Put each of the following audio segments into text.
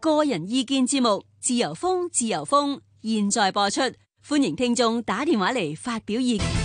個人意見節目，自由風，自由風，現在播出，歡迎聽眾打電話嚟發表意見。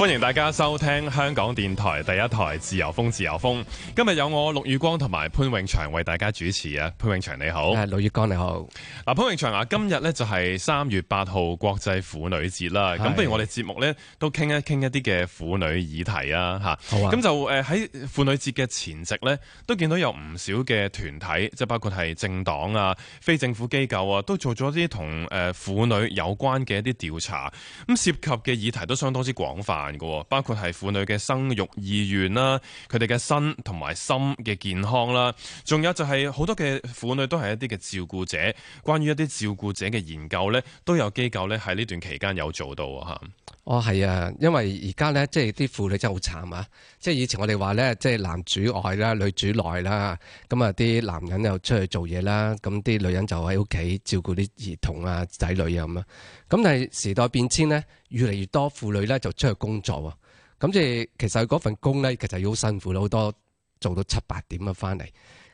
歡迎大家收聽香港電台第一台自由風自由風。今日有我陸宇光同埋潘永祥為大家主持啊。潘永祥你好，誒，陸宇光你好。嗱潘永祥啊，今日咧就係三月八號國際婦女節啦。咁不如我哋節目咧都傾一傾一啲嘅婦女議題啊，吓。好啊。咁就誒喺婦女節嘅前夕咧，都見到有唔少嘅團體，即係包括係政黨啊、非政府機構啊，都做咗啲同誒婦女有關嘅一啲調查，咁涉及嘅議題都相當之廣泛。包括係婦女嘅生育意願啦，佢哋嘅身同埋心嘅健康啦，仲有就係好多嘅婦女都係一啲嘅照顧者，關於一啲照顧者嘅研究呢，都有機構咧喺呢段期間有做到吓。哦，係啊，因為而家咧，即係啲婦女真係好慘啊！即係以前我哋話咧，即係男主外啦，女主內啦，咁啊啲男人又出去做嘢啦，咁啲女人就喺屋企照顧啲兒童啊、仔女啊咁。咁但係時代變遷咧，越嚟越多婦女咧就出去工作啊。咁即係其實佢嗰份工咧，其實要好辛苦，好多做到七八點啊翻嚟。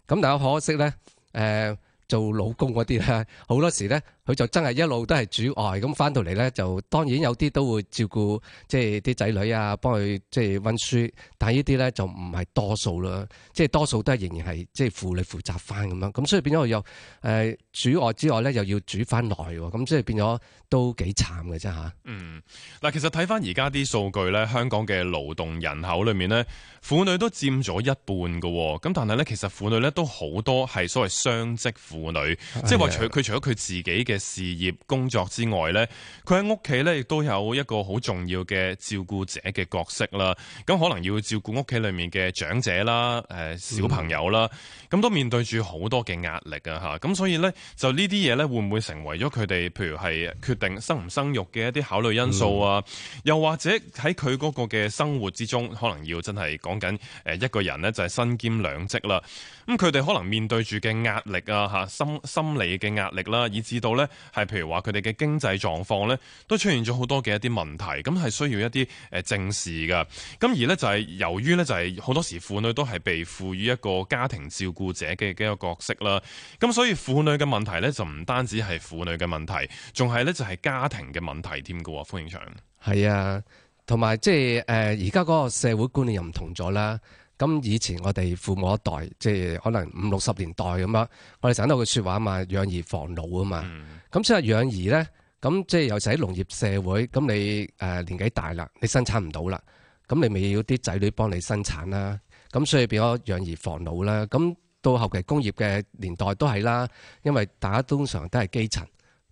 咁但係可惜咧，誒、呃、做老公嗰啲咧，好多時咧。佢就真係一路都係主外，咁翻到嚟咧就當然有啲都會照顧，即係啲仔女啊，幫佢即係溫書，但係呢啲咧就唔係多數啦，即係多數都係仍然係即係婦女負責翻咁樣，咁所以變咗又誒主外之外咧，又要煮翻內。喎咁所以變咗都幾慘嘅啫吓。嗯，嗱，其實睇翻而家啲數據咧，香港嘅勞動人口裏面咧，婦女都佔咗一半嘅。喎咁但係咧，其實婦女咧都好多係所謂雙職婦女，即係話除佢除咗佢自己嘅。事業工作之外咧，佢喺屋企咧亦都有一個好重要嘅照顧者嘅角色啦。咁可能要照顧屋企裏面嘅長者啦，誒小朋友啦，咁、嗯、都面對住好多嘅壓力啊，吓。咁所以咧，就呢啲嘢咧，會唔會成為咗佢哋，譬如係決定生唔生育嘅一啲考慮因素啊？嗯、又或者喺佢嗰個嘅生活之中，可能要真係講緊誒，一個人咧就係身兼兩職啦。咁佢哋可能面對住嘅壓力啊，吓心心理嘅壓力啦，以至到咧。係，譬如話佢哋嘅經濟狀況咧，都出現咗好多嘅一啲問題，咁係需要一啲誒正視噶咁而呢，就係由於呢，就係好多時婦女都係被賦予一個家庭照顧者嘅一個角色啦。咁所以婦女嘅問題呢，就唔單止係婦女嘅問題，仲係呢，就係家庭嘅問題添噶歡迎長，係啊，同埋即係誒，而家嗰個社會觀念又唔同咗啦。咁以前我哋父母一代，即係可能五六十年代咁樣，我哋成日都話句説話啊嘛，養兒防老啊嘛。咁所以養兒咧，咁即係尤其喺農業社會，咁你誒年紀大啦，你生產唔到啦，咁你咪要啲仔女幫你生產啦。咁所以變咗養兒防老啦。咁到後期工業嘅年代都係啦，因為大家通常都係基層，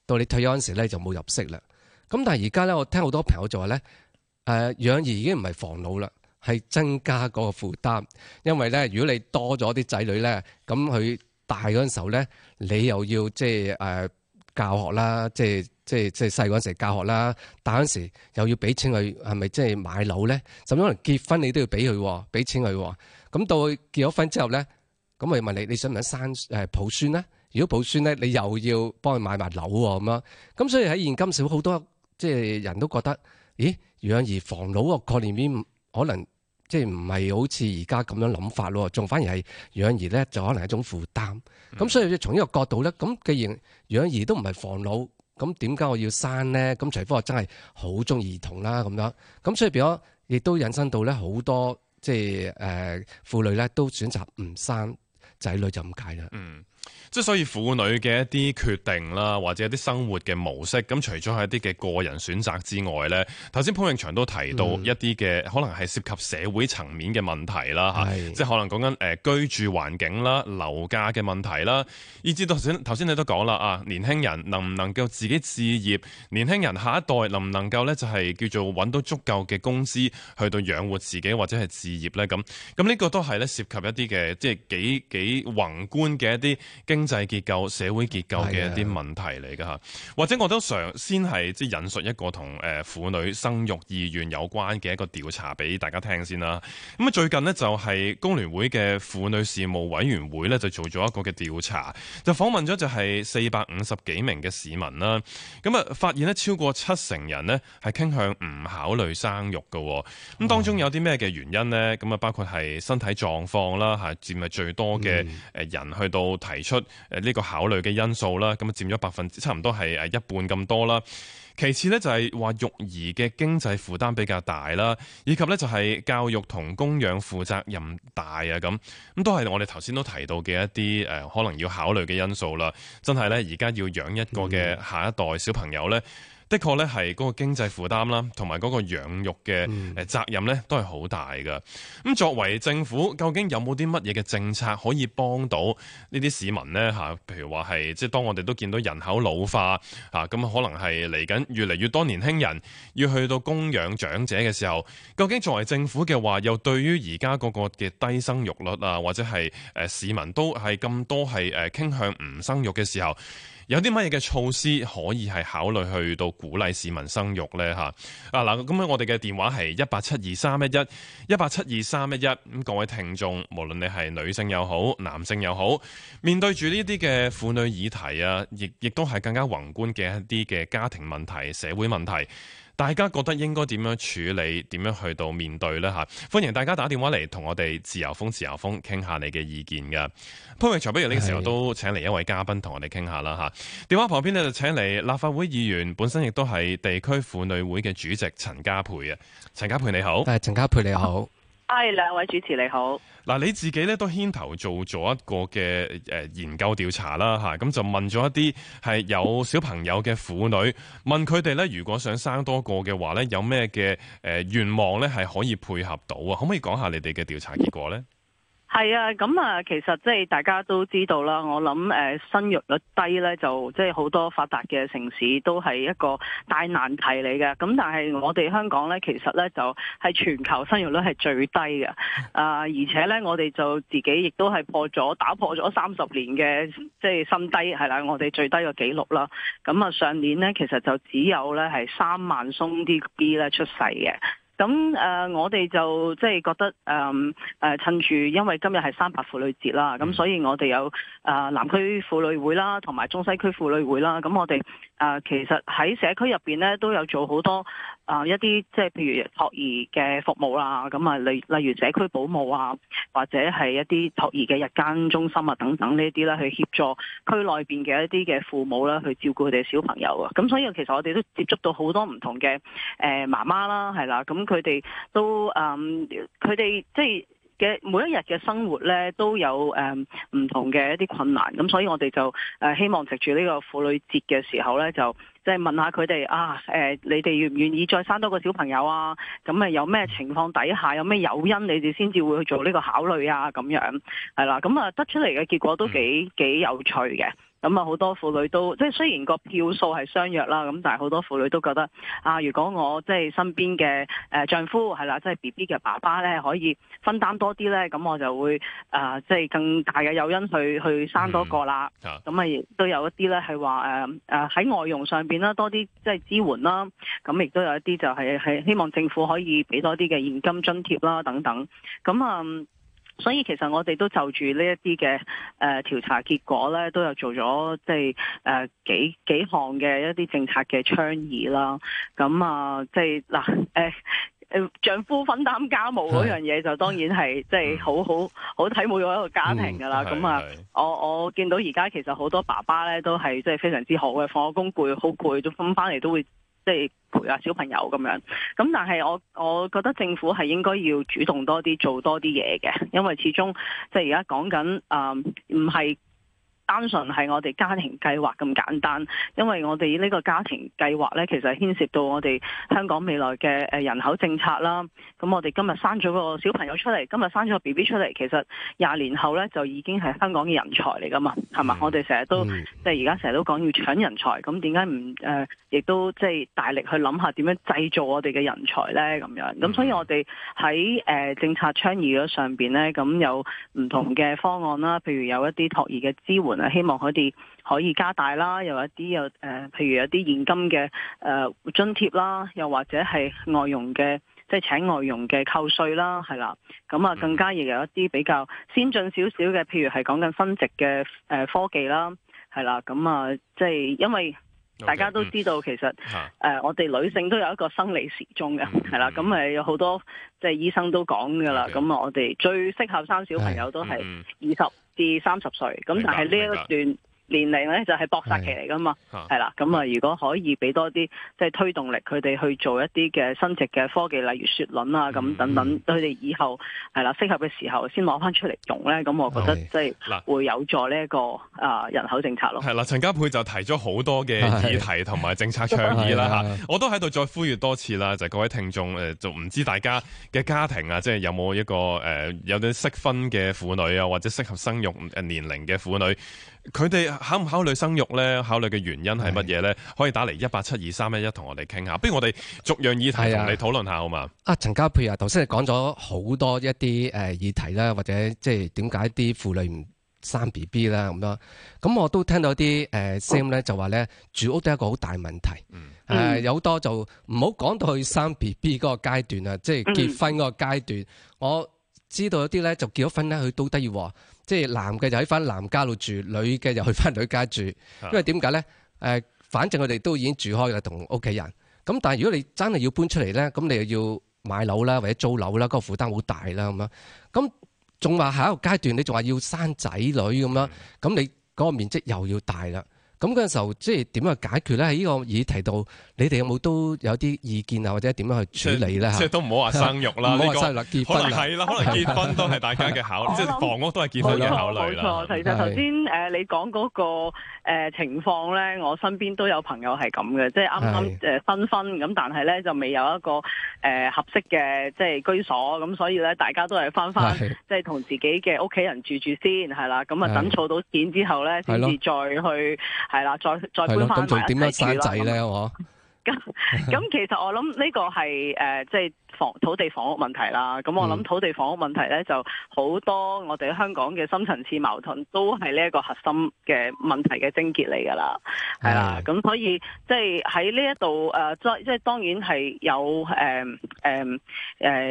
到你退休嗰陣時咧就冇入息啦。咁但係而家咧，我聽好多朋友就話咧，誒、呃、養兒已經唔係防老啦。係增加嗰個負擔，因為咧，如果你多咗啲仔女咧，咁佢大嗰陣時候咧，你又要即係誒教學啦，即係即係即係細嗰陣時教學啦，大嗰陣時又要俾錢佢，係咪即係買樓咧？甚至可能結婚你都要俾佢，俾錢佢。咁到佢結咗婚之後咧，咁我問你，你想唔想生誒抱孫咧？如果抱孫咧，你又要幫佢買埋樓喎，咁樣。咁所以喺現今社會好多即係人都覺得，咦，養兒防老個概念邊可能？即係唔係好似而家咁樣諗法咯，仲反而係養兒咧就可能係一種負擔。咁、嗯、所以從呢個角度咧，咁既然養兒都唔係防老，咁點解我要生咧？咁除非我真係好鍾意兒童啦咁樣。咁所以變咗亦都引申到咧好多即係誒婦女咧都選擇唔生仔女就唔計啦。嗯。即係所以，婦女嘅一啲決定啦，或者一啲生活嘅模式咁，除咗係一啲嘅個人選擇之外呢，頭先潘永祥都提到一啲嘅，可能係涉及社會層面嘅問題啦吓，嗯，即係可能講緊誒居住環境啦、樓價嘅問題啦，以至到頭先你都講啦啊，年輕人能唔能夠自己置業？年輕人下一代能唔能夠呢？就係叫做揾到足夠嘅工資去到養活自己或者係置業呢？咁咁呢個都係呢涉及一啲嘅，即係幾幾宏觀嘅一啲。經濟結構、社會結構嘅一啲問題嚟㗎吓，或者我都想先係即引述一個同誒婦女生育意願有關嘅一個調查俾大家聽先啦。咁啊最近呢，就係工聯會嘅婦女事務委員會呢，就做咗一個嘅調查，就訪問咗就係四百五十幾名嘅市民啦。咁啊發現呢，超過七成人呢係傾向唔考慮生育㗎。咁當中有啲咩嘅原因呢？咁啊包括係身體狀況啦吓，佔係最多嘅誒人去到提。出誒呢個考慮嘅因素啦，咁啊佔咗百分之差唔多係誒一半咁多啦。其次呢，就係話育兒嘅經濟負擔比較大啦，以及呢，就係教育同供養負責任大啊咁，咁都係我哋頭先都提到嘅一啲誒可能要考慮嘅因素啦。真係呢，而家要養一個嘅下一代小朋友呢。嗯的確咧，係嗰個經濟負擔啦，同埋嗰個養育嘅誒責任咧，都係好大㗎。咁作為政府，究竟有冇啲乜嘢嘅政策可以幫到呢啲市民呢？吓，譬如話係即係當我哋都見到人口老化吓，咁可能係嚟緊越嚟越多年輕人要去到供養長者嘅時候，究竟作為政府嘅話，又對於而家嗰個嘅低生育率啊，或者係誒市民都係咁多係誒傾向唔生育嘅時候，有啲乜嘢嘅措施可以係考慮去到鼓勵市民生育呢吓？啊嗱，咁樣我哋嘅電話係一八七二三一一一八七二三一一，咁，各位聽眾，無論你係女性又好，男性又好，面對住呢啲嘅婦女議題啊，亦亦都係更加宏觀嘅一啲嘅家庭問題、社會問題。大家覺得應該點樣處理？點樣去到面對呢？吓歡迎大家打電話嚟同我哋自由風自由風傾下你嘅意見㗎。潘榮才不如呢個時候都請嚟一位嘉賓同我哋傾下啦吓。電話旁邊呢，就請嚟立法會議員，本身亦都係地區婦女會嘅主席陳家珮啊。陳家珮你好，誒，陳家珮你好。啊係兩位主持你好，嗱，你自己咧都牽頭做咗一個嘅誒研究調查啦吓，咁就問咗一啲係有小朋友嘅婦女，問佢哋咧如果想生多個嘅話咧，有咩嘅誒願望咧係可以配合到啊？可唔可以講下你哋嘅調查結果咧？係啊，咁啊，其實即係大家都知道啦。我諗誒生育率低咧，就即係好多發達嘅城市都係一個大難題嚟嘅。咁但係我哋香港咧，其實咧就係全球生育率係最低嘅。啊，而且咧，我哋就自己亦都係破咗打破咗三十年嘅即係新低，係啦，我哋最低嘅記錄啦。咁啊，上年咧，其實就只有咧係三萬宗啲 B 咧出世嘅。咁誒、呃，我哋就即係覺得誒誒、呃，趁住因為今日係三八婦女節啦，咁所以我哋有誒、呃、南區婦女會啦，同埋中西區婦女會啦，咁我哋誒、呃、其實喺社區入面咧都有做好多。啊、呃，一啲即係譬如托兒嘅服務啦，咁啊，例例如社區保姆啊，或者係一啲托兒嘅日間中心啊等等呢啲啦，去協助區內面嘅一啲嘅父母啦，去照顧佢哋嘅小朋友啊。咁所以其實我哋都接觸到好多唔同嘅誒、呃、媽媽啦，係啦，咁佢哋都嗯，佢、呃、哋即係，嘅每一日嘅生活咧都有誒唔同嘅一啲困難，咁所以我哋就誒希望藉住呢個婦女節嘅時候咧，就即係問下佢哋啊，誒、呃、你哋願唔願意再生多個小朋友啊？咁啊有咩情況底下有咩誘因你哋先至會去做呢個考慮啊？咁樣係啦，咁啊得出嚟嘅結果都幾幾有趣嘅。咁啊，好多婦女都即係雖然個票數係相若啦，咁但係好多婦女都覺得啊，如果我即係身邊嘅誒丈夫係啦，即係 BB 嘅爸爸咧，可以分擔多啲咧，咁我就會啊，即、呃、係更大嘅誘因去去生多個啦。咁、嗯、啊，都、嗯、有一啲咧係話誒喺外傭上面啦，多啲即係支援啦。咁亦都有一啲就係希望政府可以俾多啲嘅現金津貼啦等等。咁啊～、呃所以其實我哋都就住呢一啲嘅誒調查結果咧，都有做咗即係誒、呃、幾幾項嘅一啲政策嘅倡議啦。咁啊，即係嗱誒丈夫分擔家務嗰樣嘢就當然係即係好、嗯、好好睇冇錯一個家庭㗎啦。咁啊、嗯嗯，我我見到而家其實好多爸爸咧都係即係非常之好嘅，放咗工攰好攰都分翻嚟都會。即係陪下小朋友咁樣，咁但係我我覺得政府係應該要主動多啲做多啲嘢嘅，因為始終即係而家講緊啊，呃，唔係單純係我哋家庭計劃咁簡單，因為我哋呢個家庭計劃呢，其實牽涉到我哋香港未來嘅人口政策啦。咁我哋今日生咗個小朋友出嚟，今日生咗個 BB 出嚟，其實廿年後呢，就已經係香港嘅人才嚟㗎嘛，係嘛？Mm-hmm. 我哋成日都即係而家成日都講要搶人才，咁點解唔誒亦都即係大力去諗下點樣製造我哋嘅人才呢？咁樣咁，所以我哋喺、呃、政策倡議咗上面呢，咁有唔同嘅方案啦，譬如有一啲托兒嘅支援。希望佢哋可以加大啦，又一啲有誒、呃，譬如有啲現金嘅誒、呃、津貼啦，又或者係外傭嘅，即係請外傭嘅扣稅啦，係啦。咁啊，更加亦有一啲比較先進少少嘅，譬如係講緊生殖嘅誒科技啦，係啦。咁啊，即係因為大家都知道，okay, 其實誒、uh, 呃、我哋女性都有一個生理時鐘嘅，係、uh, 啦。 咁誒有好多即係醫生都講噶啦。咁啊，我哋最適合生小朋友都係二十。至三十歲，咁但係呢一段，年齡咧就係搏殺期嚟噶嘛，係啦、啊，咁啊如果可以俾多啲即係推動力，佢哋去做一啲嘅新值嘅科技，例如雪卵啊咁等等，佢哋以後係啦適合嘅時候先攞翻出嚟用咧，咁、啊、我覺得即係會有助呢一個啊人口政策咯。係啦、啊，陳家珮就提咗好多嘅議題同埋政策倡議啦吓、啊啊啊，我都喺度再呼籲多次啦，就係、是、各位聽眾誒，就、呃、唔知大家嘅家庭啊，即係有冇一個誒、呃、有啲適婚嘅婦女啊，或者適合生育誒年齡嘅婦女？佢哋考唔考慮生育咧？考慮嘅原因係乜嘢咧？可以打嚟一八七二三一一同我哋傾下。不如我哋逐樣議題同你討論下好嘛？啊，陳家珮啊，頭先你講咗好多一啲誒、呃、議題啦，或者即係點解啲婦女唔生 B B 啦咁樣？咁我都聽到啲誒 Sam 咧就話咧，住屋都係一個好大問題。誒、嗯呃，有好多就唔好講到去生 B B 嗰個階段啊、嗯，即係結婚嗰個階段、嗯。我知道一啲咧就結咗婚咧，佢都都要。即係男嘅就喺翻男家度住，女嘅就去翻女家住。因為點解咧？誒，反正佢哋都已經住開啦，同屋企人。咁但係如果你真係要搬出嚟咧，咁你又要買樓啦，或者租樓啦，嗰個負擔好大啦咁樣。咁仲話下一個階段，你仲話要生仔女咁樣，咁你嗰個面積又要大啦。咁嗰陣時候，即係點樣去解決咧？喺呢個議題提到，你哋有冇都有啲意見啊？或者點樣去處理咧？即係都唔好話生育啦，唔好話生、呢個、結婚係啦，可能， 可能結婚都係大家嘅考慮，即係房屋都係結婚嘅考慮啦。冇錯，錯，其實頭先誒你講嗰個情況咧，我身邊都有朋友係咁嘅，即係啱啱誒新婚，咁但係咧就未有一個誒合適嘅即係居所，咁所以咧大家都係翻翻即係同自己嘅屋企人住住先，係啦，咁啊等儲到錢之後咧，先至再去。係啦，再再搬翻翻嚟仔啦。咁咁， 其實我諗呢個係誒，即係房土地房屋問題啦。咁我諗土地房屋問題咧，嗯，就好多我哋香港嘅深層次矛盾都係呢一個核心嘅問題嘅症結嚟噶啦。係啦，咁所以即係喺呢一度誒，即、就、係、是呃、當然係有誒誒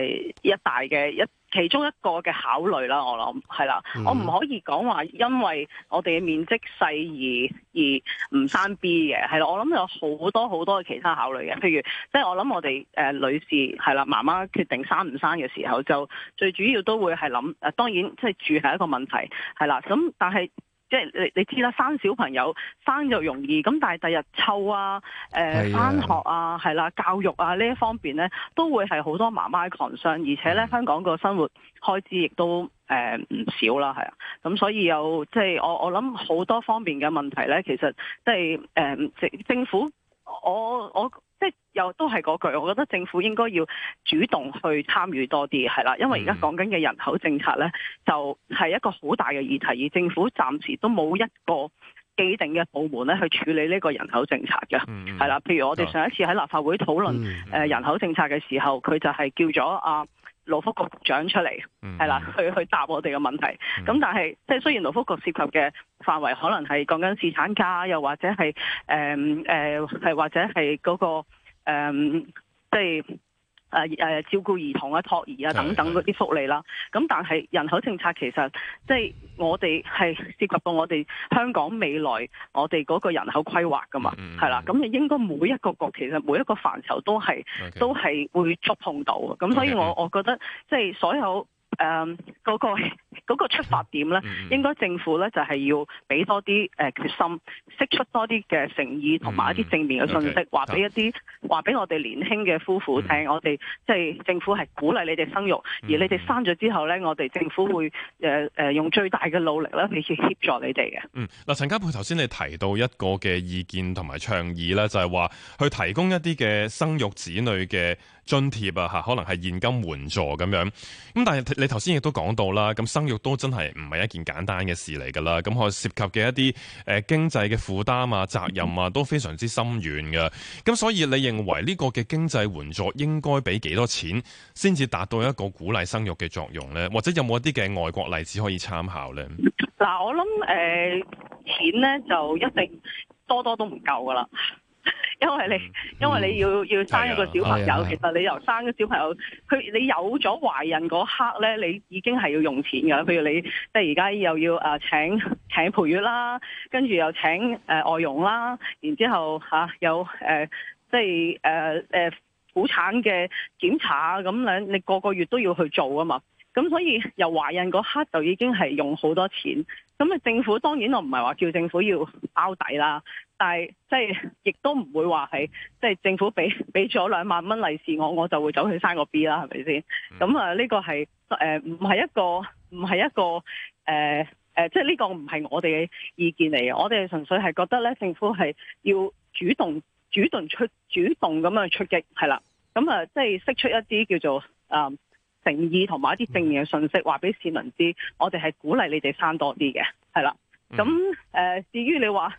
誒一大嘅一。其中一個嘅考慮啦，我諗係啦，我唔可以講話因為我哋嘅面積細而而唔生 B 嘅，係啦，我諗有好多好多嘅其他考慮嘅，譬如即係、即係、我諗我哋誒、呃、女士係啦，媽媽決定生唔生嘅時候，就最主要都會係諗、呃，當然即係、即係、住係一個問題係啦，咁但係，即係你你知啦，生小朋友生就容易，咁但係第日湊啊，誒、呃、返、啊、學啊，係啦、啊，教育啊呢一方面咧，都會係好多媽媽嘅 concern，而且咧、嗯、香港個生活開支亦都誒唔、呃、少啦，係啊，咁所以有即係、就是、我我諗好多方面嘅問題咧，其實即係誒政政府我我。我即係又都係嗰句，我覺得政府應該要主動去參與多啲，係啦，因為而家講緊嘅人口政策咧，就係一個好大嘅議題，而政府暫時都冇一個既定嘅部門咧去處理呢個人口政策嘅，係啦，譬如我哋上一次喺立法會討論誒人口政策嘅時候，佢就係叫咗啊。勞福局,局長出嚟，係、mm-hmm. 啦，去去答我哋嘅問題。咁、mm-hmm. 但係，即係雖然勞福局涉及嘅範圍可能係講緊市產家，又或者係誒誒，係、呃呃、或者係嗰、那個誒，即、呃、係。就是誒、啊、誒、啊、照顧兒童啊、託兒啊等等嗰啲福利啦，咁 但係人口政策其實即係我哋係涉及到我哋香港未來我哋嗰個人口規劃噶嘛，係、嗯、啦、嗯嗯，咁你應該每一個國其實每一個範疇都係、okay. 都係會觸碰到嘅，咁所以我我覺得、okay. 即係所有。誒、嗯、嗰、嗰個嗰個出發點咧，應該政府咧就係要俾多啲誒決心，釋出多啲嘅誠意同埋一啲正面嘅信息，話俾一啲話俾我哋年輕嘅夫婦聽，嗯、我哋即係政府係鼓勵你哋生育，而你哋生咗之後咧，我哋政府會誒誒用最大嘅努力咧，嚟協助你哋嘅。嗯，嗱，陳家珮頭先你提到一個嘅意見同埋倡議咧，就係、是、話去提供一啲嘅生育子女嘅。津貼啊嚇，可能係現金援助咁樣。咁但係你頭先亦都講到啦，咁生育都真係唔係一件簡單嘅事嚟噶啦。咁佢涉及嘅一啲誒經濟嘅負擔啊、責任啊都非常之深遠嘅。咁所以你認為呢個嘅經濟援助應該俾幾多錢先至達到一個鼓勵生育嘅作用呢？或者有冇一啲嘅外國例子可以參考、呃、呢？嗱，我諗誒錢呢就一定多多都唔夠噶啦。 因為你因為你要、嗯、要生一個小朋友、哎，其實你由生咗小朋友，佢、哎、你有咗懷孕嗰刻咧，你已經係要用錢噶。譬如你即係而家又要啊請請陪月啦，跟住又請誒、呃、外傭啦，然之後吓有誒即係誒誒，婦產嘅檢查啊，咁、呃呃呃、樣你個個月都要去做啊嘛。咁所以由懷孕嗰刻就已經係用好多錢。咁啊，政府當然我唔係話叫政府要包底啦。但係即係，亦都唔會話係，即係政府俾俾咗兩萬蚊利是我，我就會走去生個 B 啦，係咪先？咁啊，呢個係誒唔係一個唔係一個誒誒，即係呢個唔係我哋嘅意見嚟嘅。我哋純粹係覺得咧，政府係要主動主動出主動咁樣出擊，係啦。咁啊，即係釋出一啲叫做誒誠意同埋一啲正面嘅信息，話俾市民知，我哋係鼓勵你哋生多啲嘅，係啦。咁誒，至於你話。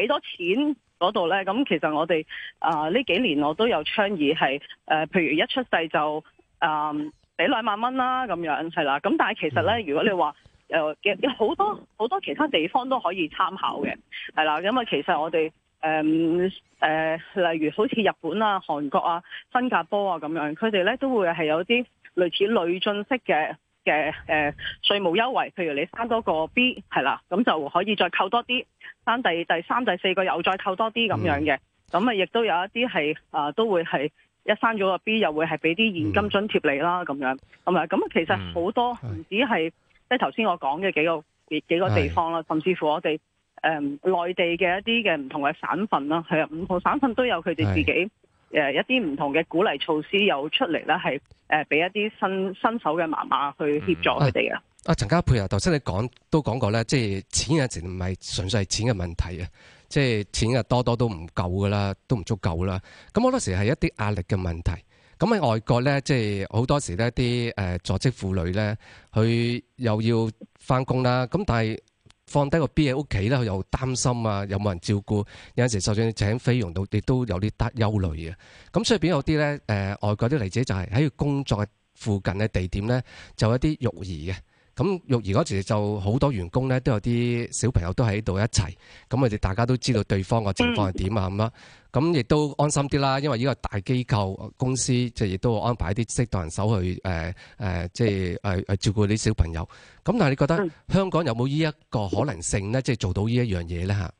幾多錢嗰度呢？咁其實我哋啊，呢幾年我都有倡議係誒，譬如一出世就啊畀兩萬蚊啦咁樣，係啦。咁但係其實呢，如果你話誒、呃、有好多好多其他地方都可以參考嘅，係喇。咁、嗯、啊，其實我哋誒誒，例如好似日本啊、韓國啊、新加坡啊咁樣，佢哋呢都會係有啲類似累進式嘅。嘅誒、呃、稅務優惠，譬如你生多個 B 係啦，咁就可以再扣多啲，生第第三、第四個又再扣多啲咁樣嘅，咁啊亦都有一啲係、呃、都會係一生咗個 B 又會係俾啲現金津貼你啦咁樣，係咪？咁其實好多唔止係即係頭先我講嘅幾個幾個地方啦，甚至乎我哋誒、呃、內地嘅一啲嘅唔同嘅省份啦，係啊，唔同省份都有佢哋自己。誒，一啲唔同嘅鼓勵措施又出嚟咧，係誒俾一啲新新手嘅媽媽去協助佢哋嘅。啊，陳家珮啊，頭先你講都講過咧，即係錢嘅問題唔係純粹係錢嘅問題啊，即係錢啊多多都唔夠噶啦，都唔足夠啦。咁好多時係一啲壓力嘅問題。咁喺外國咧，即係好多時咧啲誒在職婦女咧，佢又要翻工啦，咁但係。放低個 B 喺屋企咧，佢又擔心啊，有冇人照顧，有陣時就算請菲傭到，亦都有啲擔憂慮嘅。咁雖然有啲咧，誒、呃、外國啲嚟者就係喺工作附近嘅地點咧，就有一啲育兒嘅。咁育兒嗰時就好多員工咧，都有啲小朋友都喺度一齊，咁我哋大家都知道對方個情況係點啊咁啦，咁亦都安心啲啦。因為依個大機構公司即係亦都安排啲適當人手去誒誒、呃呃，即係誒誒照顧啲小朋友。咁但係你覺得香港有冇呢一個可能性咧，即係做到呢一樣嘢咧嚇？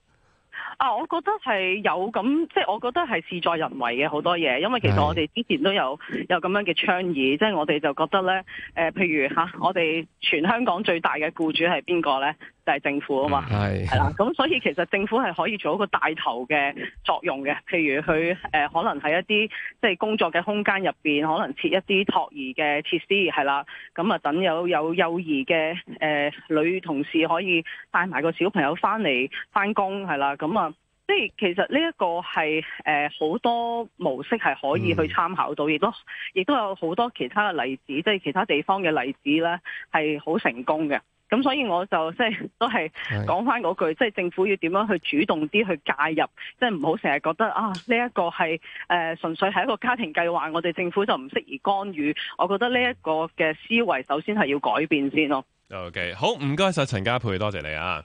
啊，我覺得係有，咁，即係我覺得係事在人為嘅，好多嘢，因為其實我哋之前都有有咁樣嘅倡議，即係我哋就覺得呢，誒、呃，譬如吓、啊、我哋全香港最大嘅僱主係邊個呢？就係、是、政府啊嘛，係係啦，咁所以其實政府係可以做一個帶頭嘅作用嘅，譬如佢誒可能喺一啲即係工作嘅空間入邊，可能設一啲托兒嘅設施，係啦，咁啊等有有幼兒嘅誒、呃、女同事可以帶埋個小朋友翻嚟翻工，係啦，咁啊，即係其實呢一個係誒好多模式係可以去參考到，亦、嗯、都亦都有好多其他嘅例子，即係其他地方嘅例子咧係好成功嘅。咁所以我就即係都係講翻嗰句，即係政府要點樣去主動啲去介入，即係唔好成日覺得啊呢一個係誒、呃、純粹係一個家庭計劃，我哋政府就唔適宜干預。我覺得呢一個嘅思維首先係要改變先咯。OK，好唔該晒陳家珮，多謝你啊。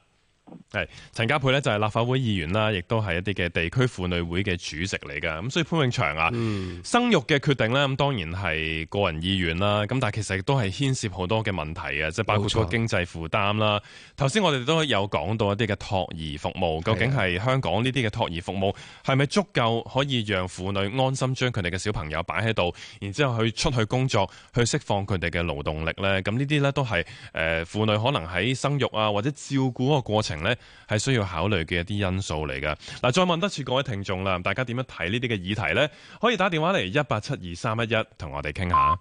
係陳家珮呢就係立法會議員啦，亦都係一啲嘅地區婦女會嘅主席嚟噶。咁所以潘永祥啊、嗯，生育嘅決定呢，咁當然係個人意願啦。咁但係其實亦都係牽涉好多嘅問題啊，即係包括個經濟負擔啦。頭先我哋都有講到一啲嘅托兒服務，究竟係香港呢啲嘅托兒服務係咪足夠可以讓婦女安心將佢哋嘅小朋友擺喺度，然之後去出去工作，去釋放佢哋嘅勞動力呢？咁呢啲呢，都係誒婦女可能喺生育啊或者照顧個過程咧，係需要考慮嘅一啲因素嚟㗎。嗱，再問多次各位聽眾啦，大家點樣睇呢啲嘅議題呢？可以打電話嚟一八七二三一一，同我哋傾下。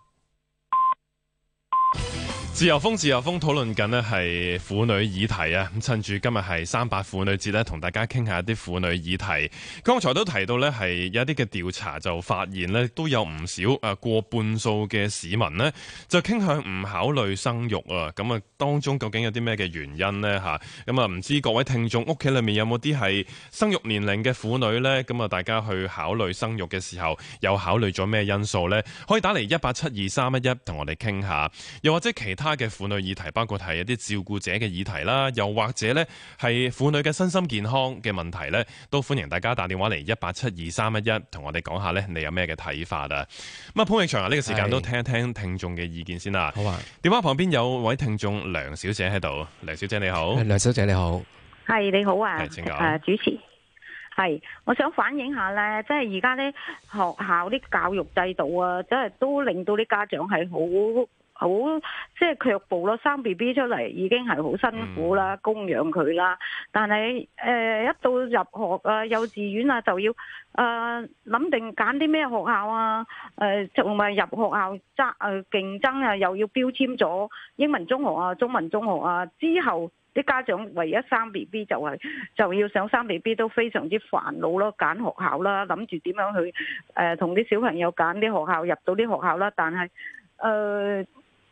自由風，自由風討論緊呢，係婦女議題啊！咁趁住今日係三八婦女節呢，同大家傾下一啲婦女議題。剛才都提到呢係有一啲嘅調查就發現呢都有唔少啊過半數嘅市民呢，就傾向唔考慮生育啊！咁啊，當中究竟有啲咩嘅原因呢？吓，咁啊，唔知各位聽眾屋企裏面有冇啲係生育年齡嘅婦女呢？咁啊，大家去考慮生育嘅時候，有考慮咗咩因素呢？可以打嚟一八七二三一一同我哋傾下，又或者其他。其他嘅婦女議題，包括係一啲照顧者嘅議題啦，又或者咧，係婦女嘅身心健康嘅問題咧，都歡迎大家打電話嚟一八七二三一一，同我哋講下咧，你有咩嘅睇法啊？咁啊，潘永祥啊，呢個時間都聽一聽聽眾嘅意見先啦。好啊，電話旁邊有位聽眾梁小姐喺度，梁小姐你好，梁小姐你好，係你好啊，係，請講，誒、呃，主持，係，我想反映下咧，即係而家咧學校啲教育制度啊，即係都令到啲家長係好。好即係卻步咯，生 B B 出嚟已經係好辛苦啦，供養佢啦。但係、呃、一到入學啊，幼稚園啊就要誒諗、呃、定揀啲咩學校啊，同、呃、埋入學校競爭誒競爭啊，又要標籤咗英文中學啊，中文中學啊。之後啲家長唯一生 B B 就係、是、就要想生 B B 都非常之煩惱咯，揀學校啦，諗住點樣去同啲、呃、小朋友揀啲學校入到啲學校啦。但係誒。呃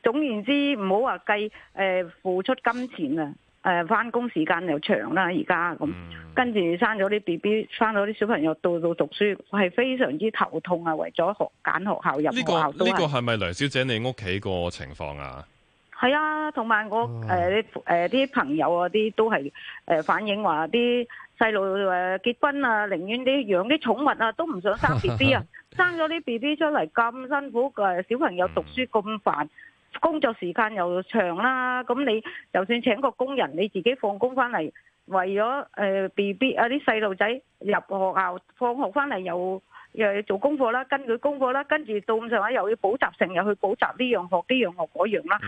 總言之，唔好話計誒，付出金錢啊！誒，返工時間又長啦，而家咁，跟住生咗啲 B B，生咗啲小朋友到到讀書，係非常之頭痛啊！為咗學揀學校入學校都係。呢個呢個係咪梁小姐你屋企個情況啊？係啊，同埋我誒誒啲朋友啊啲都係誒、呃、反映話啲細路誒結婚啊，寧願啲養啲寵物啊，都唔想生 B B 啊！ 生咗啲 B B 出嚟咁辛苦嘅小朋友讀書咁煩。工作時間又長啦，咁你就算請個工人，你自己放工翻嚟，為咗誒 B B 啊啲細路仔入學校，放學翻嚟又又要做功課啦，跟佢功課啦，跟住到咁上下又要補習，成日去補習，呢樣學呢樣學嗰樣啦。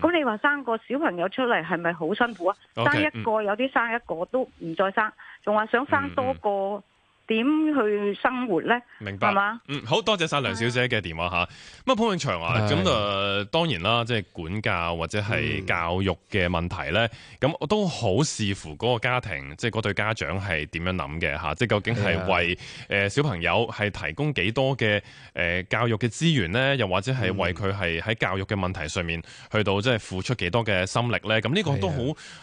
咁、嗯、你話生個小朋友出嚟係咪好辛苦啊？Okay, 生一個、嗯、有啲生一個都唔再生，仲話想生多個。嗯點去生活咧？明白係嘛？嗯，好多謝晒梁小姐嘅電話吓。咁啊潘永祥啊，咁啊當然啦，即係管教或者係教育嘅問題咧。咁我都好視乎嗰個家庭，即係嗰對家長係點樣諗嘅吓。即係究竟係為誒小朋友係提供幾多嘅誒教育嘅資源咧？又或者係為佢係喺教育嘅問題上面去到即係付出幾多嘅心力咧？咁呢個都好，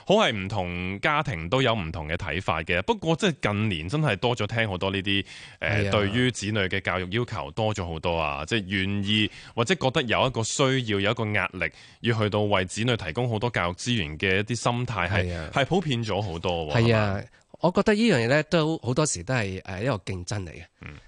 好係唔同家庭都有唔同嘅睇法嘅。不過即係近年真係多咗聽。好多呢啲誒，對於子女嘅教育要求多咗好多啊！即係願意或者覺得有一個需要，有一個壓力，要去到為子女提供好多教育資源嘅一啲心態係係普遍咗好多啊是啊是。係啊，我覺得呢樣嘢咧都好多時都係誒一個競爭嚟嘅。誒、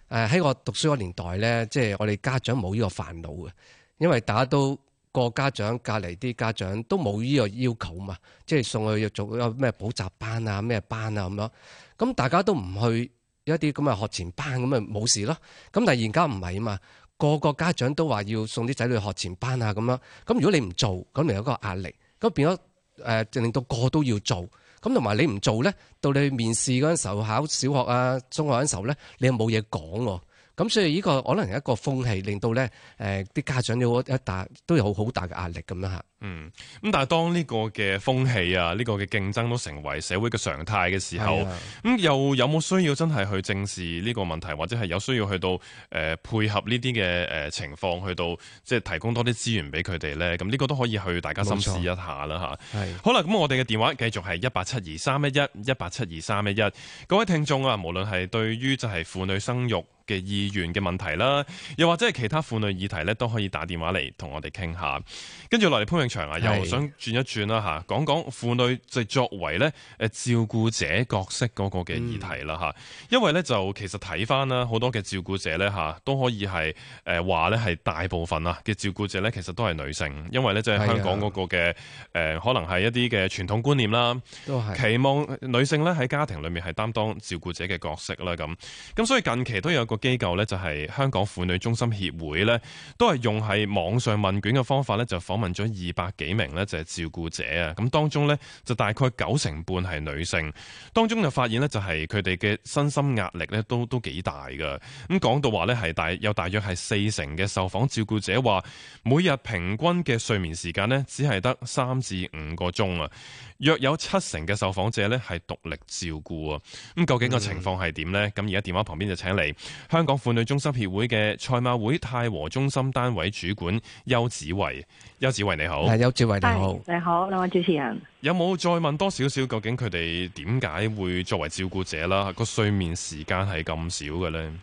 嗯、喺我讀書嗰年代咧，即、就、係、是、我哋家長冇呢個煩惱嘅，因為大家都個家長隔籬啲家長都冇呢個要求嘛，即、就、係、是、送去做個咩補習班啊、咩班啊咁樣，咁大家都唔去。有一啲咁嘅學前班咁咪冇事咯，咁但係而家唔係啊嘛，個個家長都話要送啲仔女學前班啊咁樣，咁如果你唔做，咁你有一個壓力，咁變咗就、呃、令到個個都要做，咁同埋你唔做咧，到你去面試嗰陣時候考小學啊中學嗰陣時候咧，你又冇嘢講喎，咁所以呢個可能係一個風氣令到咧誒啲家長有一大都有好大嘅壓力咁啦嚇。嗯，咁但係當呢個嘅風氣啊，呢、這個嘅競爭都成為社會嘅常態嘅時候，咁、嗯、又有冇需要真係去正視呢個問題，或者係有需要去到誒、呃、配合呢啲嘅誒情況，去到即係提供多啲資源俾佢哋咧？咁呢個都可以去大家深思一下啦，吓。係好啦，咁我哋嘅電話繼續係一八七二三一一一八七二三一一，各位聽眾啊，無論係對於就係婦女生育嘅意願嘅問題啦，又或者係其他婦女議題咧，都可以打電話嚟同我哋傾下。跟住落嚟場啊，又想轉一轉啦吓，講講婦女就作為咧誒照顧者角色個嘅議題啦吓、嗯，因為咧就其實睇翻啦，好多嘅照顧者咧吓都可以係誒話咧係大部分啊嘅照顧者咧其實都係女性，因為咧即係香港個嘅誒、哎、可能係一啲嘅傳統觀念啦，都係期望女性咧喺家庭裏面係擔當照顧者嘅角色啦咁，咁所以近期都有一個機構咧就係香港婦女中心協會咧，都係用係網上問卷嘅方法咧就訪問咗二百百幾名咧就係照顧者啊，咁當中呢，就大概九成半係女性，當中就發現呢，就係佢哋嘅身心壓力呢都都幾大噶，咁講到話呢，係大，有大約係四成嘅受訪照顧者話，每日平均嘅睡眠時間呢，只係得三至五個鐘啊。約有七成嘅受訪者咧係獨力照顧啊，咁究竟個情況係點呢？咁而家電話旁邊就請嚟香港婦女中心協會嘅賽馬會太和中心單位主管丘梓蕙。丘梓蕙你好，係丘梓蕙你好，Hi. 你好兩位主持人。有冇再問多少少？究竟佢哋點解會作為照顧者啦？個睡眠時間係咁少嘅呢？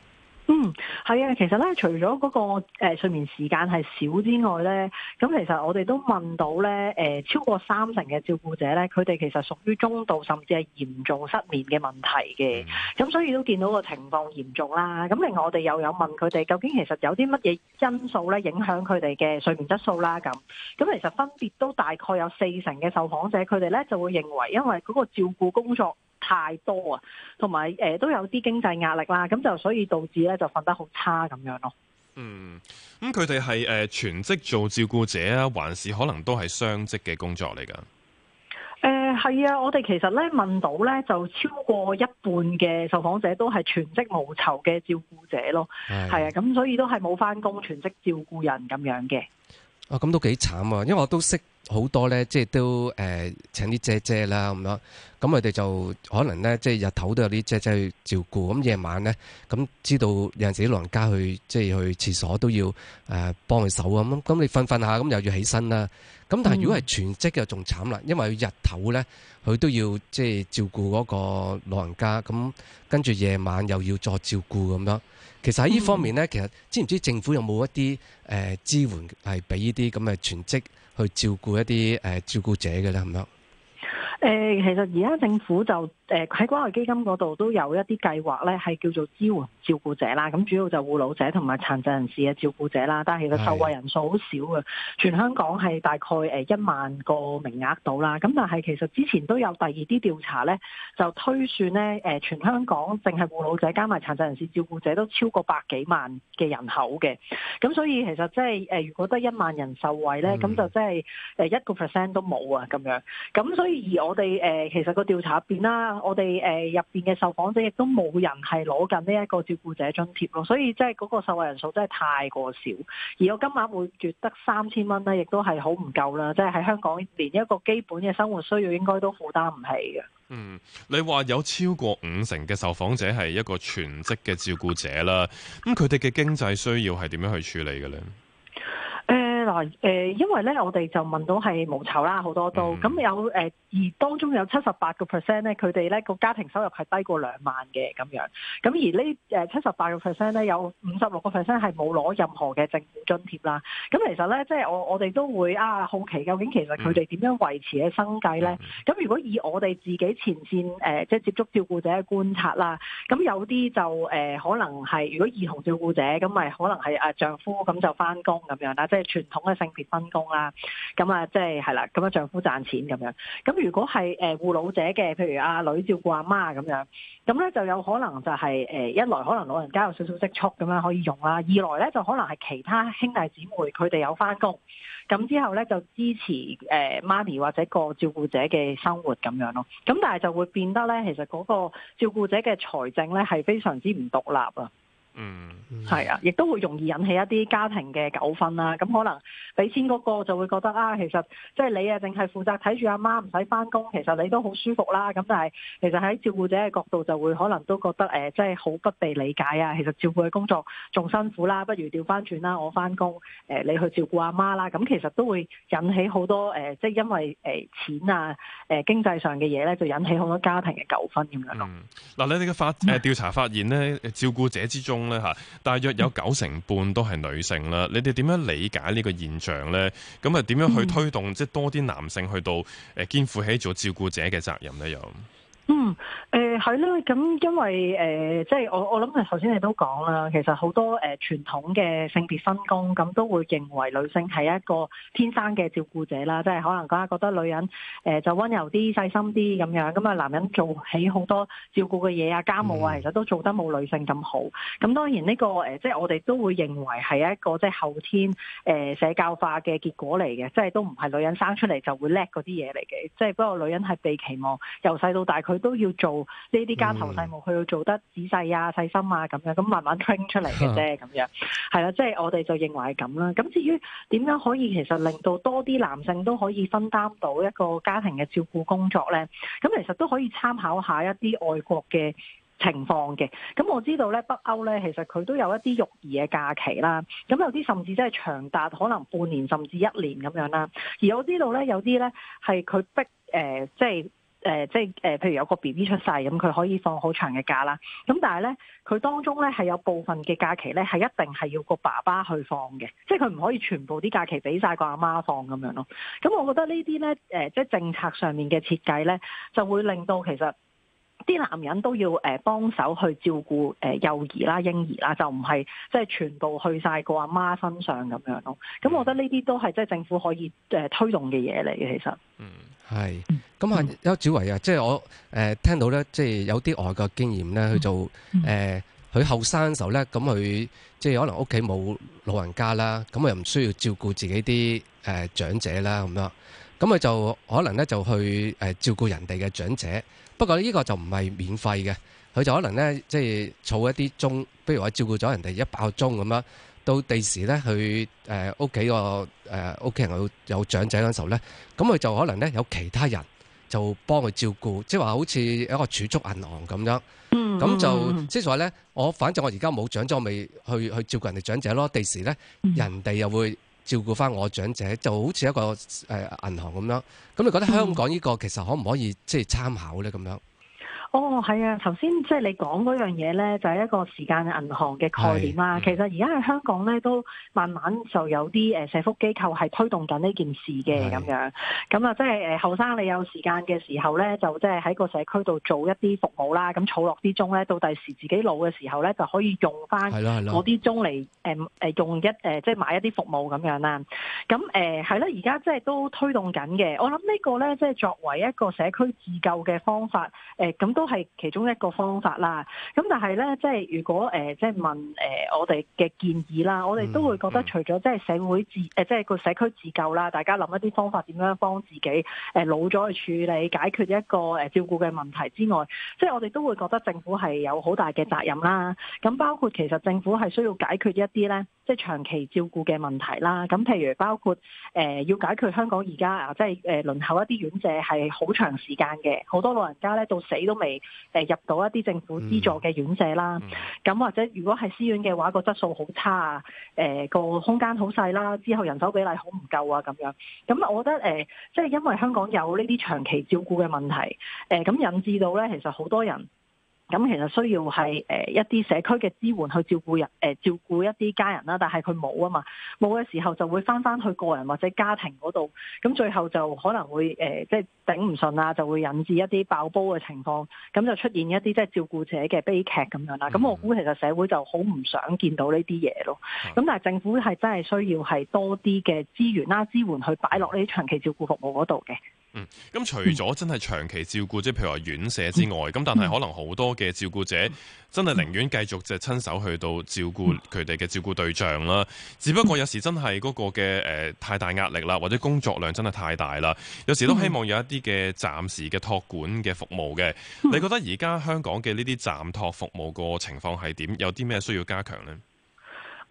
嗯，係啊，其實咧，除咗嗰、那個誒、呃、睡眠時間係少之外咧，咁其實我哋都問到咧，誒、呃、超過三成嘅照顧者咧，佢哋其實屬於中度甚至係嚴重失眠嘅問題嘅，咁所以都見到個情況嚴重啦。咁另外我哋又有問佢哋究竟其實有啲乜嘢因素咧影響佢哋嘅睡眠質素啦。咁咁其實分別都大概有四成嘅受訪者佢哋咧就會認為因為嗰個照顧工作。太多啊，同埋誒都有啲經濟壓力啦，咁就所以導致咧就瞓得好差咁樣咯。嗯，咁佢哋係誒全職做照顧者啊，還是可能都係雙職嘅工作嚟㗎？誒係啊，我哋其實咧問到咧就超過一半嘅受訪者都係全職無酬嘅照顧者咯，係啊，咁所以都係冇返工全職照顧人咁樣嘅。啊，咁都幾慘啊，因為我都識。好多咧，即係都誒請啲姐姐啦，咁樣咁佢哋就可能咧，即係日頭都有啲姐姐去照顧，咁夜晚咧咁知道有陣時啲老人家去即係去廁所都要誒幫佢手咁。咁你瞓瞓下咁又要起身啦。咁但係如果係全職又仲慘啦，因為日頭咧佢都要即係照顧嗰個老人家，咁跟住夜晚又要再照顧咁樣。其實喺呢方面咧，其實知唔知政府有冇一啲誒支援係俾呢啲咁嘅全職？去照顧一啲誒照顧者嘅咧，咁樣。誒，其實而家政府就。誒喺關愛基金嗰度都有一啲計劃咧，係叫做支援照顧者啦。咁主要就護老者同埋殘疾人士嘅照顧者啦。但係個受惠人數好少嘅，全香港係大概一萬個名額度啦。咁但係其實之前都有第二啲調查咧，就推算咧全香港淨係護老者加埋殘疾人士照顧者都超過百幾萬嘅人口嘅。咁所以其實即係誒，如果得一萬人受惠咧，咁就即係一個 percent 都冇啊咁樣。咁所以而我哋其實個調查入邊啦。我哋誒入邊嘅受訪者亦都冇人係攞緊呢一個照顧者津貼咯，所以即係嗰個受惠人數真係太過少，而我今晚會奪得三千蚊咧，亦都係好唔夠啦，即係喺香港連一個基本嘅生活需要應該都負擔唔起嘅。嗯，你話有超過五成嘅受訪者係一個全職嘅照顧者啦，咁佢哋嘅經濟需要係點樣去處理嘅咧？啊，因為咧，我哋就問到係無酬啦，好多都咁有誒，而當中有七十八個 percent 咧，佢哋咧個家庭收入係低過兩萬嘅咁樣，咁而呢誒七十八個 percent 咧，有五十六個 percent 係冇攞任何嘅政府津貼啦。咁其實咧，即係我我哋都會啊好奇究竟其實佢哋點樣維持嘅生計咧？咁如果以我哋自己前線誒即係接觸照顧者嘅觀察啦，咁有啲就誒可能係如果兒童照顧者咁咪可能係啊丈夫咁就返工咁樣啦，即係傳統。性別分工啦，咁啊，即係係啦，咁啊，丈夫賺錢咁樣。咁如果係誒護老者嘅，譬如阿女照顧阿媽咁樣，咁咧就有可能就係一來可能老人家有少少積蓄咁樣可以用啦，二來咧就可能係其他兄弟姊妹佢哋有翻工，咁之後咧就支持誒媽咪或者個照顧者嘅生活咁樣咯。咁但係就會變得咧，其實嗰個照顧者嘅財政咧係非常之唔獨立啊。嗯、係、嗯、啊，亦都會容易引起一啲家庭嘅糾紛啦。咁可能俾錢嗰個就會覺得啊，其實即係你啊，淨係負責睇住阿媽唔使翻工，其實你都好舒服啦，啊。咁但係其實喺照顧者嘅角度，就會可能都覺得誒，即係好不被理解啊。其實照顧嘅工作仲辛苦啦，啊，不如調翻轉啦，我翻工，誒，你去照顧阿媽啦。咁其實都會引起好多誒，即、呃、係因為誒錢啊，誒、呃、經濟上嘅嘢咧，就引起好多家庭嘅糾紛咁樣咯。嗱、嗯，你哋嘅發誒調、呃、查發現咧、嗯，照顧者之中。咧嚇，但約有九成半都係女性啦。你哋點樣理解呢個現象呢？咁啊，點樣去推動即係多啲男性去到誒肩負起做照顧者嘅責任呢？又？嗯，誒、呃，係咯，咁因為誒、呃、即係我我諗，頭先你都講啦，其實好多誒傳、呃、統嘅性別分工，咁都會認為女性係一個天生嘅照顧者啦，即係可能講覺得女人誒、呃、就溫柔啲、細心啲咁樣，咁啊男人做起好多照顧嘅嘢啊、家務啊，其實都做得冇女性咁好。咁當然呢、這個誒、呃、即係我哋都會認為係一個即係後天誒、呃、社交化嘅結果嚟嘅，即係都唔係女人生出嚟就會叻嗰啲嘢嚟嘅，即係不過女人係被期望由細到大佢，都要做呢啲家頭細務，佢要做得仔細啊、細心啊咁樣，咁慢慢 train 出嚟嘅啫，咁樣係啦，即係我哋就認為係咁啦。咁至於點樣可以其實令到多啲男性都可以分擔到一個家庭嘅照顧工作呢？咁其實都可以參考下一啲外國嘅情況嘅。咁我知道呢，北歐呢其實佢都有一啲育兒嘅假期啦，咁有啲甚至真係長達可能半年甚至一年咁樣啦。而我知道呢，有啲呢係佢逼誒、呃，即係。誒、呃，即係、呃、譬如有個 B B 出世，咁、嗯、佢可以放好長嘅假啦。咁但係咧，佢當中咧係有部分嘅假期咧係一定係要個爸爸去放嘅，即係佢唔可以全部啲假期俾晒個阿媽放咁樣咯。咁我覺得呢啲咧、呃，即係政策上面嘅設計咧，就會令到其實啲男人都要誒、呃、幫手去照顧誒、呃、幼兒啦、嬰兒啦，就唔係即係全部去晒個阿媽身上咁樣咯。咁我覺得呢啲都係即係政府可以誒、呃、推動嘅嘢嚟嘅，其實。嗯係，咁、嗯、啊，丘梓蕙啊，即、嗯、係、嗯、我誒聽到咧，即係有啲外國經驗咧，佢就誒，佢後生時候咧，咁佢即係可能屋企冇老人家啦，咁佢又唔需要照顧自己啲誒長者啦，咁樣，咁佢就可能咧就去誒照顧人哋嘅長者，不過呢個就唔係免費嘅，佢就可能咧即係儲一啲鐘，比如我照顧咗人哋一百個鐘咁樣。到第時咧，佢誒屋企個誒屋企人有有長者嗰時候咧，咁佢就可能咧有其他人就幫佢照顧，即係話好似一個儲蓄銀行咁樣。咁、嗯、就、嗯、即係話咧，我反正我而家冇長咗冇長者，我未去去照顧人哋長者咯。第時咧，人哋又會照顧翻我長者，就好似一個誒銀行咁樣。咁你覺得香港呢個其實可唔可以即係參考咧咁樣？哦，係啊！頭先即係你講嗰樣嘢咧，就係一個時間銀行嘅概念啦。其實而家喺香港咧，都慢慢就有啲社福機構係推動緊呢件事嘅咁樣。咁啊，就係，即係誒後生你有時間嘅時候咧，就即係喺個社區度做一啲服務啦。咁儲落啲鐘咧，到第時自己老嘅時候咧，就可以用翻嗰啲鐘嚟用一即係買一啲服務咁樣啦。咁係啦，而家即係都推動緊嘅。我諗呢個咧，即係作為一個社區自救嘅方法，誒，咁。都係其中一個方法啦。咁但係呢，即係如果誒，即係問誒，我哋嘅建議啦，我哋都會覺得除咗即係社會自誒，即係個社區自救啦，大家諗一啲方法點樣幫自己誒老咗去處理解決一個誒照顧嘅問題之外，即係我哋都會覺得政府係有好大嘅責任啦。咁包括其實政府係需要解決一啲呢，即係長期照顧嘅問題啦。咁譬如包括誒，要解決香港而家啊，即係誒輪候一啲院舍係好長時間嘅，好多老人家呢，到死都未。誒，入到一啲政府資助嘅院舍啦，咁或者如果係私院嘅話，個質素好差啊，誒、呃、個空間好細啦，之後人手比例好唔夠啊，咁樣，咁我覺得誒、呃，即係因為香港有呢啲長期照顧嘅問題，誒、呃，咁引致到咧，其實好多人。咁其實需要係一啲社區嘅支援去照顧人照顧一啲家人啦，但係佢冇啊嘛，冇嘅時候就會翻翻去個人或者家庭嗰度，咁最後就可能會即係、呃就是、頂唔順啊，就會引致一啲爆煲嘅情況，咁就出現一啲即係照顧者嘅悲劇咁樣啦。咁我估其實社會就好唔想見到呢啲嘢咯。咁但係政府係真係需要係多啲嘅資源啦，支援去擺落呢啲長期照顧服務嗰度嘅。嗯，咁除咗真係長期照顧，即係譬如話院舍之外，咁但係可能好多嘅照顧者真係寧願繼續就親手去到照顧佢哋嘅照顧對象啦。只不過有時真係嗰個嘅誒太大壓力啦，或者工作量真係太大啦，有時都希望有一啲嘅暫時嘅託管嘅服務嘅。你覺得而家香港嘅呢啲暫託服務個情況係點？有啲咩需要加強呢？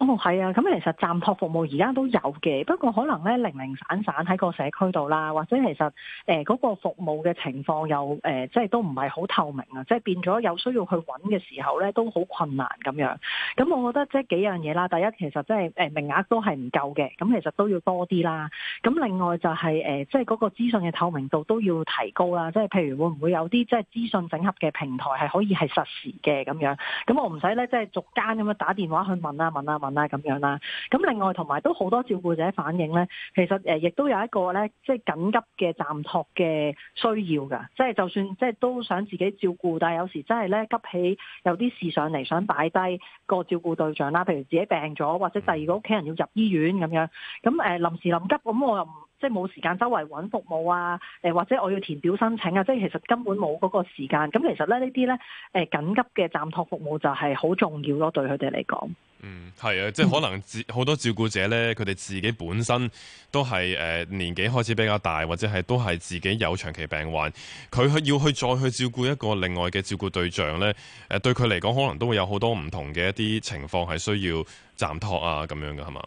哦，係啊，咁其實暫託服務而家都有嘅，不過可能咧零零散散喺個社區度啦，或者其實誒嗰個服務嘅情況又誒，即係都唔係好透明啊，即係變咗有需要去揾嘅時候咧都好困難咁樣。咁我覺得即係幾樣嘢啦，第一其實即係誒名額都係唔夠嘅，咁其實都要多啲啦。咁另外就係誒，即係嗰個資訊嘅透明度都要提高啦，即係譬如會唔會有啲即係資訊整合嘅平台係可以係實時嘅咁樣，咁我唔使咧即係逐間咁樣打電話去問啊問啊問，問，問。啦咁樣啦，咁另外同埋都好多照顧者反映咧，其實誒亦都有一個咧，即係緊急嘅暫托嘅需要噶，即係就算即係都想自己照顧，但係有時真係咧急起有啲事上嚟，想擺低個照顧對象啦，譬如自己病咗，或者第二個屋企人要入醫院咁樣，咁誒臨時臨急，咁我又唔。即係冇時間周圍揾服務啊，誒或者我要填表申請啊，即係其實根本冇嗰個時間。咁其實咧呢啲呢，誒緊急嘅暫託服務就係好重要咯，對佢哋嚟講。嗯，係啊，即係可能自好多照顧者呢，佢哋自己本身都係誒、呃、年紀開始比較大，或者係都係自己有長期病患，佢去要去再去照顧一個另外嘅照顧對象呢。誒、呃、對佢嚟講可能都會有好多唔同嘅一啲情況係需要暫託啊，咁樣嘅係嘛？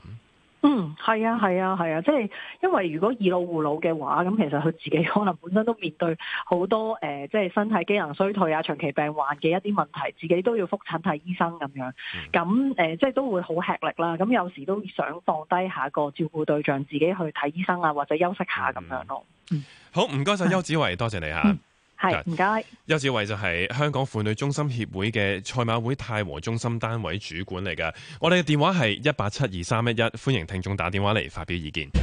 嗯，係啊，係啊，係啊，即係、啊，因為如果以老護老嘅話，咁其實佢自己可能本身都面對好多誒、呃，即係身體機能衰退啊、長期病患嘅一啲問題，自己都要復診睇醫生咁樣，咁誒、呃，即係都會好吃力啦。咁有時都想放低下一個照顧對象，自己去睇醫生啊，或者休息一下咁樣咯。好，唔該晒丘梓蕙，多謝你吓。嗯係唔該，丘梓蕙就係香港婦女中心協會嘅賽馬會太和中心單位主管嚟㗎。我哋嘅電話係一八七二三一一，歡迎聽眾打電話嚟發表意見。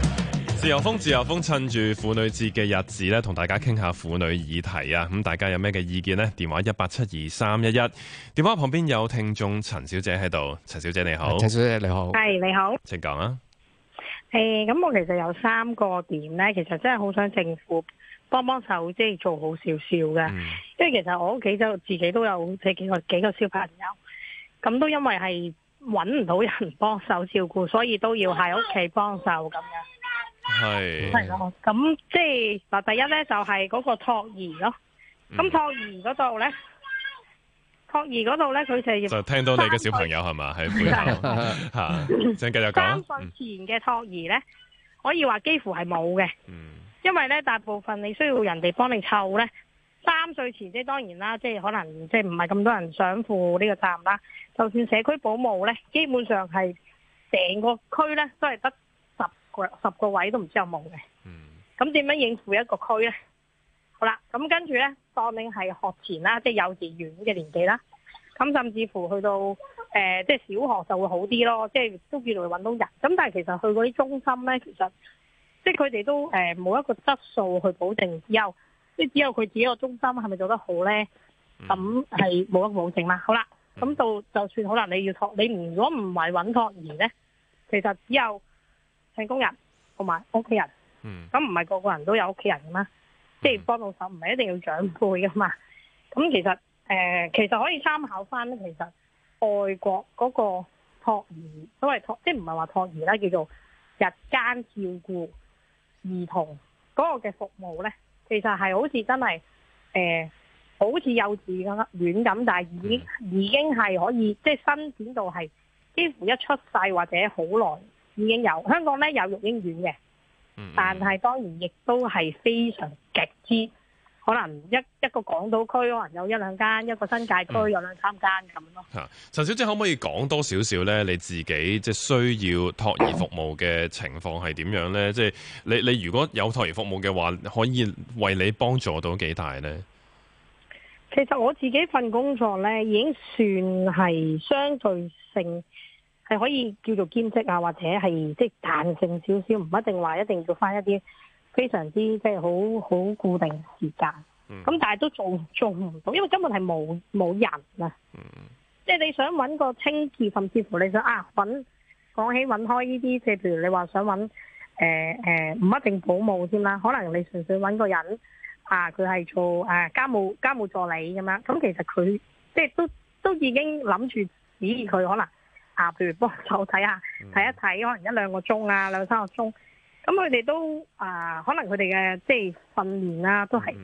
自由風，自由風，趁住婦女節嘅日子咧，同大家傾下婦女議題啊！咁大家有咩嘅意見呢？電話一八七二三一一。電話旁邊有聽眾陳小姐喺度，陳小姐你好。陳小姐你好。係，你好，請講啊。誒、欸，咁我其實有三個點咧，其實真係好想政府。幫幫手，即、就、係、是、做好少少嘅、嗯，因為其實我屋企就自己都有幾幾個幾個小朋友，咁都因為係搵唔到人幫手照顧，所以都要喺屋企幫手咁樣。係係咯，咁即係嗱，第一咧就係、是、嗰個托兒咯，咁、嗯、托兒嗰度咧，托兒嗰度咧佢就就聽到你嘅小朋友係嘛喺背後吓， 再繼續講。三歲前嘅托兒咧、嗯，可以話幾乎係冇嘅。嗯因為咧，大部分你需要人哋幫你湊咧，三歲前即係當然啦，即係可能即係唔係咁多人想負呢個責任啦。就算社區保姆咧，基本上係成個區咧都係得十個十個位都唔知有冇嘅。嗯。咁點樣應付一個區咧？好啦，咁跟住咧，當你係學前啦，即係幼稚園嘅年紀啦，咁甚至乎去到誒即係小學就會好啲咯，即係都叫做揾到人。咁但係其實去嗰啲中心咧，其實。即係佢哋都誒冇一個質素去保證，只有即係只有佢自己個中心係咪做得好咧？咁係冇一個保證啦。好啦，咁到就算好啦，你要托你，如果唔係揾托兒咧，其實只有請工人同埋屋企人。咁唔係個個人都有屋企人噶咩？即係幫到手唔係一定要長輩噶嘛？咁其實誒、呃，其實可以參考翻咧。其實外國嗰個托兒所謂托即係唔係話托兒啦，叫做日間照顧。兒童嗰個嘅服務呢，其實係好似真係、呃、好似幼稚園咁，但係已已經係可以即係伸展到係幾乎一出世，或者好耐，已經有香港呢有育嬰院嘅，但係當然亦都係非常極之。可能一一個港島區可能有一兩間，一個新界區有兩三間咁咯。陳、嗯、小姐可唔可以講多少少呢？你自己即係需要托兒服務嘅情況係點樣呢？即係、 就是、你你如果有托兒服務嘅話，可以為你幫助到幾大呢？其實我自己份工作呢，已經算係相對性係可以叫做兼職啊，或者係即係彈性少少，唔一定話一定要翻一啲。非常之即係好好固定的時間，咁、嗯、但係都做做唔到，因為根本係冇冇人啊、嗯！即係你想揾個清潔，甚至乎你想啊揾講起揾開呢啲，即係譬如你話想揾誒誒唔一定保姆添啦，可能你純粹揾個人啊，佢係做誒、啊、家務家務助理咁樣，咁其實佢即係都都已經諗住指意佢可能啊，譬如幫手睇下睇一睇，可能一兩個鐘啊，兩三個鐘。咁佢哋都啊、呃，可能佢哋嘅即係訓練啦，都係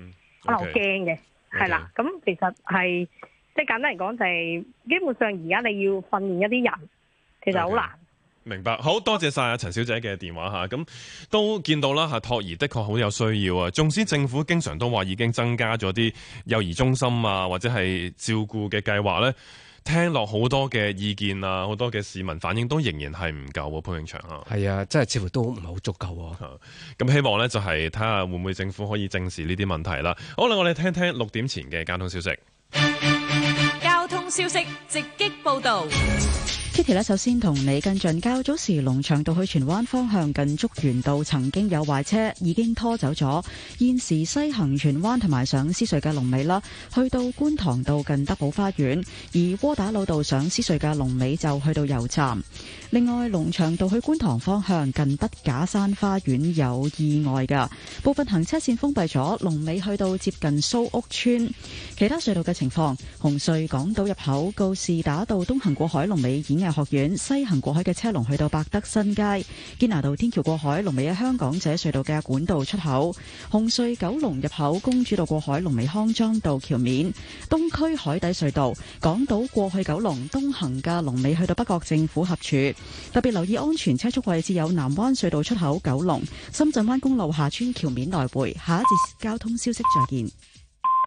可能好驚嘅，係、嗯、啦。咁、okay, okay, 其實係即係簡單嚟講、就是，就係基本上而家你要訓練一啲人，其實好難。Okay, 明白，好多謝晒阿陳小姐嘅電話吓，咁都見到啦，吓托兒的確好有需要啊。縱使政府經常都話已經增加咗啲幼兒中心啊，或者係照顧嘅計劃咧。聽落好多嘅意見啊，好多嘅市民反應都仍然係唔夠啊，潘永祥啊，係啊，真係似乎都唔係好足夠啊。咁、嗯、希望呢，就係睇下會唔會政府可以正視呢啲問題啦。好啦，那我哋聽聽六點前嘅交通消息。交通消息直擊報道。Kitty 咧，首先同你跟進，較早時龍翔道去荃灣方向近竹園道曾經有壞車，已經拖走咗。現時西行荃灣同埋上獅隧嘅龍尾啦，去到觀塘道近德寶花園；而窩打老道上獅隧嘅龍尾就去到油站。另外，龍翔道去觀塘方向近畢架山花園有意外嘅，部分行車線封閉咗。龍尾去到接近蘇屋村。其他隧道嘅情況：紅隧港島入口告士打道東行過海龍尾演藝學院，西行過海嘅車龍去到百德新街。堅拿道天橋過海龍尾喺香港仔隧道嘅管道出口。紅隧九龍入口公主道過海龍尾康莊道橋面。東區海底隧道港島過去九龍東行嘅龍尾去到北角政府合署。特別留意安全車速位置有南灣隧道出口、九龍深圳灣公路下村橋面來回。下一節交通消息，再見。